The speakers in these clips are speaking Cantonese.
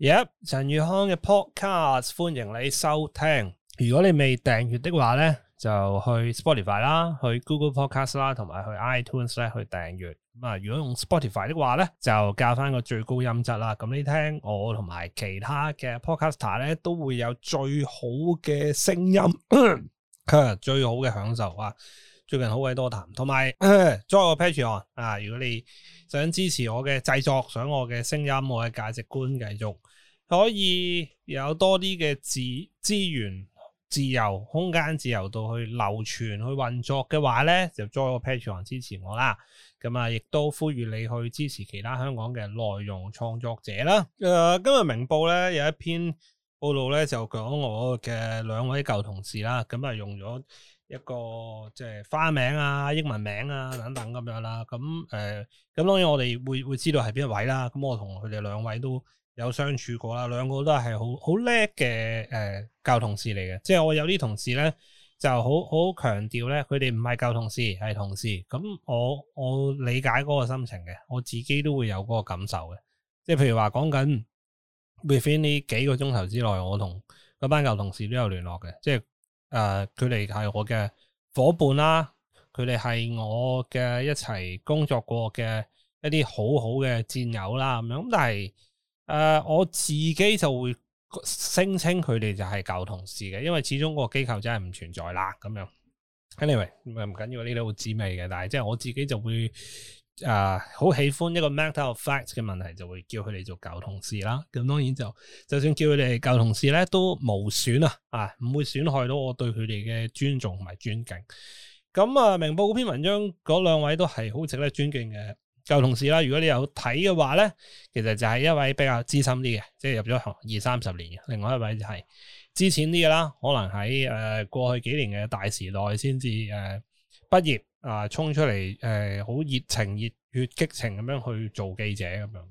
yep 陳宇康嘅 podcast，歡迎你收聽。如果你未訂閱的話呢，就去 Spotify 啦，去 Google Podcast 啦，同埋去 iTunes 呢去訂閱。啊，如果用 Spotify 的話呢，就校翻個最高音質啦。咁你聽我同埋其他嘅 podcaster 呢，都會有最好嘅聲音，啊，最好嘅享受啊！最近好鬼多談，同埋 join 個 Patreon 啊！如果你想支持我嘅製作，想我嘅聲音，我嘅價值觀，繼續。可以有多啲嘅資源、自由空間、自由度去流傳、去運作嘅話呢，就再個 Patreon 支持我啦。咁亦都呼籲你去支持其他香港嘅內容創作者啦。誒、呃，今日明報呢有一篇報道呢，就講我嘅兩位舊同事啦。咁啊，用咗一個即係、就是、花名啊、英文名啊等等咁樣啦。咁、呃、咁當然我哋會會知道係邊一位啦。咁我同佢哋兩位都。有相處過啦，兩個都係好好叻嘅誒舊同事嚟嘅。即係我有啲同事咧就好好強調咧，佢哋唔係舊同事，係同事。咁我我理解嗰個心情嘅，我自己都會有嗰個感受嘅。即係譬如話講緊，within 呢幾個鐘頭之內，我同嗰班舊同事都有聯絡嘅。即係誒，佢哋係我嘅伙伴啦，佢哋係我嘅一齊工作過嘅一啲好好嘅戰友啦咁樣。咁但係。誒、呃，我自己就會聲稱佢哋就係舊同事嘅，因為始終個機構真係唔存在啦，咁樣。Anyway，唔緊要，呢啲好滋味嘅。但係即係我自己就會誒，好、呃、喜歡一個 matter of fact 嘅問題，就會叫佢哋做舊同事啦。咁當然就，就算叫佢哋舊同事咧，都無損啊，啊，唔會損害到我對佢哋嘅尊重同埋尊敬。咁啊，明報嗰篇文章嗰兩位都係好值得尊敬嘅。舊同事啦，如果你有睇嘅話咧，其實就係一位比較資深啲嘅，即係入咗行二三十年嘅，另外一位就係之前啲嘅啦，可能喺誒過去幾年嘅大時代先至誒畢業啊，衝出嚟誒好熱情、熱血、激情咁樣去做記者咁樣。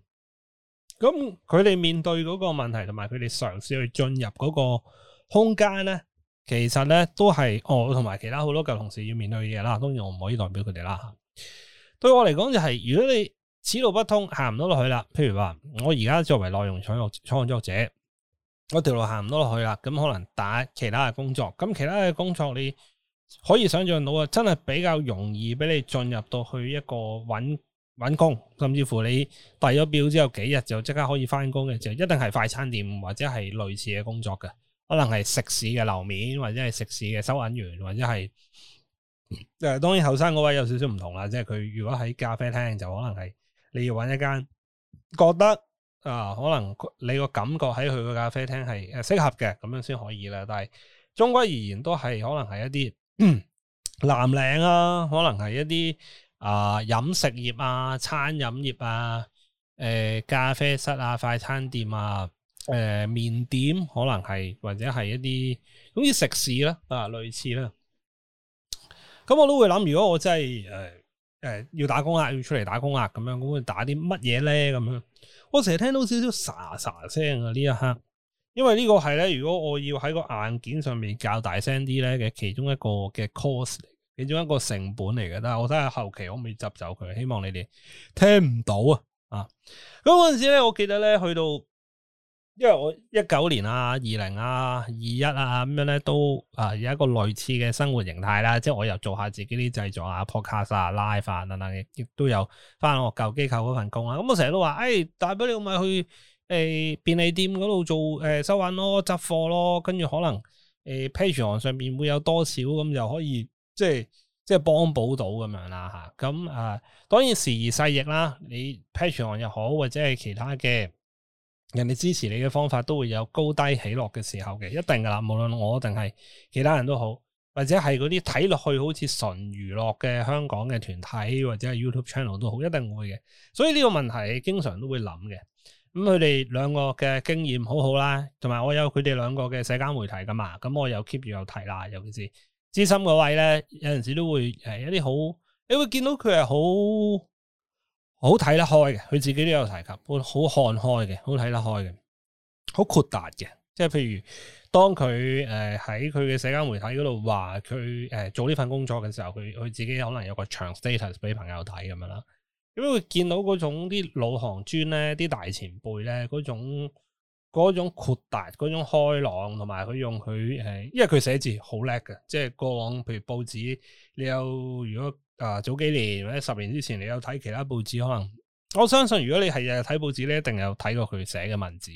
咁佢哋面對嗰個問題，同埋佢哋嘗試去進入嗰個空間咧，其實咧都係我同埋其他好多舊同事要面對嘅嘢啦。當然我唔可以代表佢哋啦。對我嚟講就係如果你此路不通，行唔到落去啦，譬如話我而家作為內容創作創作者，我條路行唔到落去啦，咁可能打其他嘅工作，咁其他嘅工作你可以想象到啊，真係比較容易俾你進入到去一個穩穩工，甚至乎你遞咗表之後幾日就即刻可以翻工嘅，就一定係快餐店或者係類似嘅工作嘅，可能係食肆嘅樓面或者係食肆嘅收銀員或者係。誒，當然後生嗰位有少少唔同啦，即係佢如果喺咖啡廳就可能係你要揾一間覺得啊，可能你個感覺喺佢個咖啡廳係誒適合嘅，咁樣先可以啦。但係，終歸而言都係可能係一啲藍領啊，可能係一啲啊飲食業啊、餐飲業啊、誒、呃、咖啡室啊、快餐店啊、誒、呃、麵店可能係或者係一啲好似食肆啦啊，啊、類似啦、啊。咁我都會諗，如果我真係誒誒要打工啊，要出嚟打工啊，咁樣咁會打啲乜嘢咧？咁樣我成日聽到少少沙沙聲啊！呢一刻，因為呢個係咧，如果我要喺個硬件上面較大聲啲咧嘅其中一個嘅 cost，其中一個成本嚟嘅。但係我睇下後期可唔可以執走佢，希望你哋聽唔到啊！啊，咁嗰陣時咧，我記得咧去到。因為我一九年啊、二零啊、二一啊咁樣咧，都啊有一個類似嘅生活形態啦。即係我又做下自己啲製作啊、podcast live, 啊、live 啊等等，亦都有翻我舊機構嗰份工啊。咁、嗯、我成日都話：誒、哎，大不了咪去誒、呃、便利店嗰度做誒、呃、收銀咯、執貨咯，跟住可能誒、呃、patreon 上面會有多少咁，又可以即係即係幫補到咁樣啦。吓，咁啊，當然時而世易啦，你 patreon 又好或者係其他嘅人哋支持你嘅方法都會有高低起落嘅時候嘅，一定噶啦。無論我定係其他人都好，或者係嗰啲睇落去好似純娛樂嘅香港嘅團體或者係 YouTube channel 都好，一定會嘅。所以呢個問題經常都會諗嘅。咁佢哋兩個嘅經驗好好啦，同埋我有佢哋兩個嘅社交媒體噶嘛，咁、嗯、我有 keep 住有睇啦。尤其是資深嗰位咧，有陣時都會係一啲好，你會見到佢係好。好睇得開嘅，佢自己都有提及，好看開嘅，好睇得開嘅，好豁達嘅。即係譬如，當佢誒喺佢嘅社交媒體嗰度話佢誒做呢份工作嘅時候，佢佢自己可能有個長 status 俾朋友睇咁樣啦。咁佢見到嗰種啲老行尊咧，啲大前輩咧嗰種嗰種豁達、嗰種開朗，同埋佢用佢、呃、因為佢寫字好叻嘅，即係過往譬如報紙，你有如果。啊，早幾年或者十年之前，你有睇其他報紙？可能我相信，如果你係日日睇報紙咧，你一定有睇過佢寫嘅文字，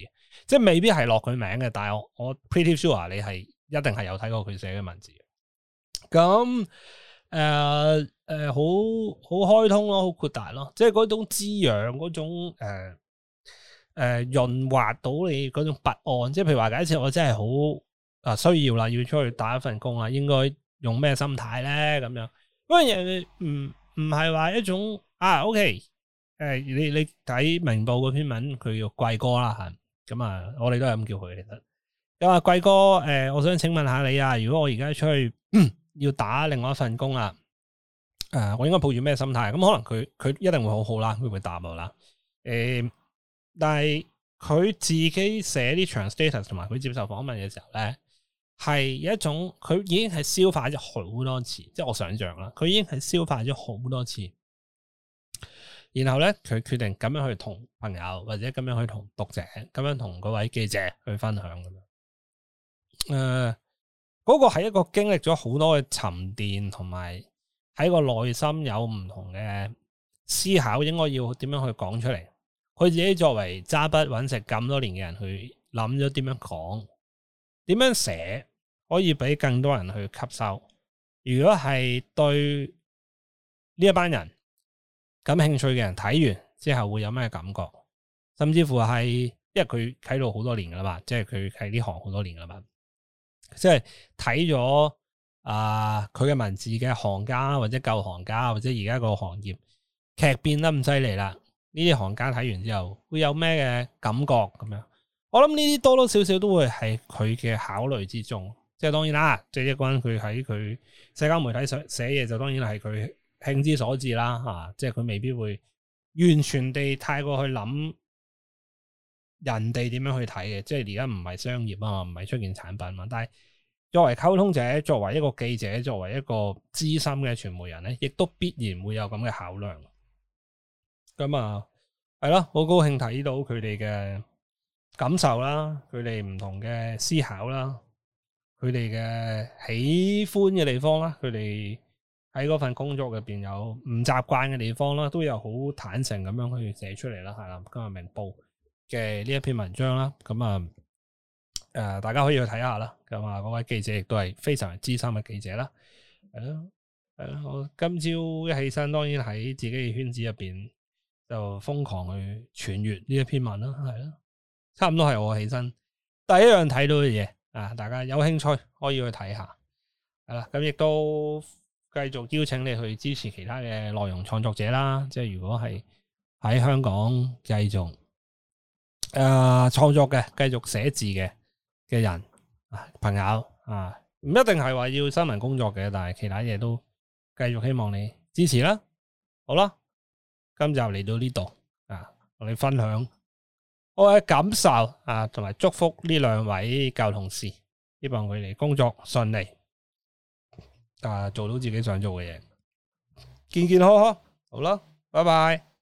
即係未必係落佢名嘅，但係我，我 pretty sure 你係一定係有睇過佢寫嘅文字。咁誒誒，好、呃、好、呃、開通咯，好擴大咯，即係嗰種滋養，嗰種誒誒、呃呃、潤滑到你嗰種不安。即係譬如話，假設我真係好啊需要啦，要出去打一份工啊，應該用咩心態咧？咁樣。人哋唔唔係話一種啊，OK，誒、呃，你你睇明報嗰篇文，佢叫貴哥啦，咁、嗯、啊、嗯，我哋都係咁叫佢。其、嗯、實，咁啊，貴哥，誒、呃，我想請問下你啊，如果我而家出去要打另外一份工啊，誒、呃，我應該抱住咩心態？咁、嗯、可能佢佢一定會好好啦，會唔會答我啦？誒、嗯，但係佢自己寫啲長 status 同埋佢接受訪問嘅時候咧。係一種佢已經係消化咗好多次，即係我想象啦。佢已經係消化咗好多次，然後咧佢決定咁樣去同朋友或者咁樣去同讀者，咁樣同嗰位記者去分享咁樣。誒、呃，嗰、那個係一個經歷咗好多嘅沉澱，同埋喺個內心有唔同嘅思考，應該要點樣去講出嚟？佢自己作為揸筆揾食咁多年嘅人，去諗咗點樣講，點樣寫？可以俾更多人去吸收。如果係對呢一班人感興趣嘅人睇完之後會有咩感覺？甚至乎係因為佢睇到好多年噶啦嘛，即係佢喺呢行好多年噶啦嘛，即係睇咗啊佢嘅文字嘅行家或者舊行家或者而家個行業劇變得咁犀利啦，呢啲行家睇完之後會有咩嘅感覺咁樣？我諗呢啲多多少少都會喺佢嘅考慮之中。即係當然啦，即係一個人佢喺佢社交媒體上寫嘢，就當然係佢興之所至啦，吓、啊，即係佢未必會完全地太過去諗人哋點樣去睇嘅。即係而家唔係商業啊嘛，唔係出現產品嘛。但係作為溝通者，作為一個記者，作為一個資深嘅傳媒人咧，亦都必然會有咁嘅考量。咁啊，係咯，好高興睇到佢哋嘅感受啦，佢哋唔同嘅思考啦。佢哋嘅喜歡嘅地方啦，佢哋喺嗰份工作入邊有唔習慣嘅地方啦，都有好坦誠咁樣去寫出嚟啦。係啦，今日明報嘅呢一篇文章啦，咁啊，誒、呃，大家可以去睇下啦，咁啊，嗰位記者亦都係非常資深嘅記者啦，係咯，係咯，我今朝一起身，當然喺自己嘅圈子入邊就瘋狂去傳閱呢一篇文啦，係咯，差唔多係我起身第一樣睇到嘅嘢。啊！大家有興趣可以去睇下，係、啊、啦，咁亦都繼續邀請你去支持其他嘅內容創作者啦。即係如果係喺香港繼續誒創、呃、作嘅、繼續寫字嘅嘅人啊，朋友啊，唔一定係話要新聞工作嘅，但係其他嘢都繼續希望你支持啦。好啦，今集嚟到呢度啊，同你分享。我嘅感受啊，同埋祝福呢兩位舊同事，希望佢哋工作順利，啊，做到自己想做嘅嘢，健健康康，好啦，拜拜。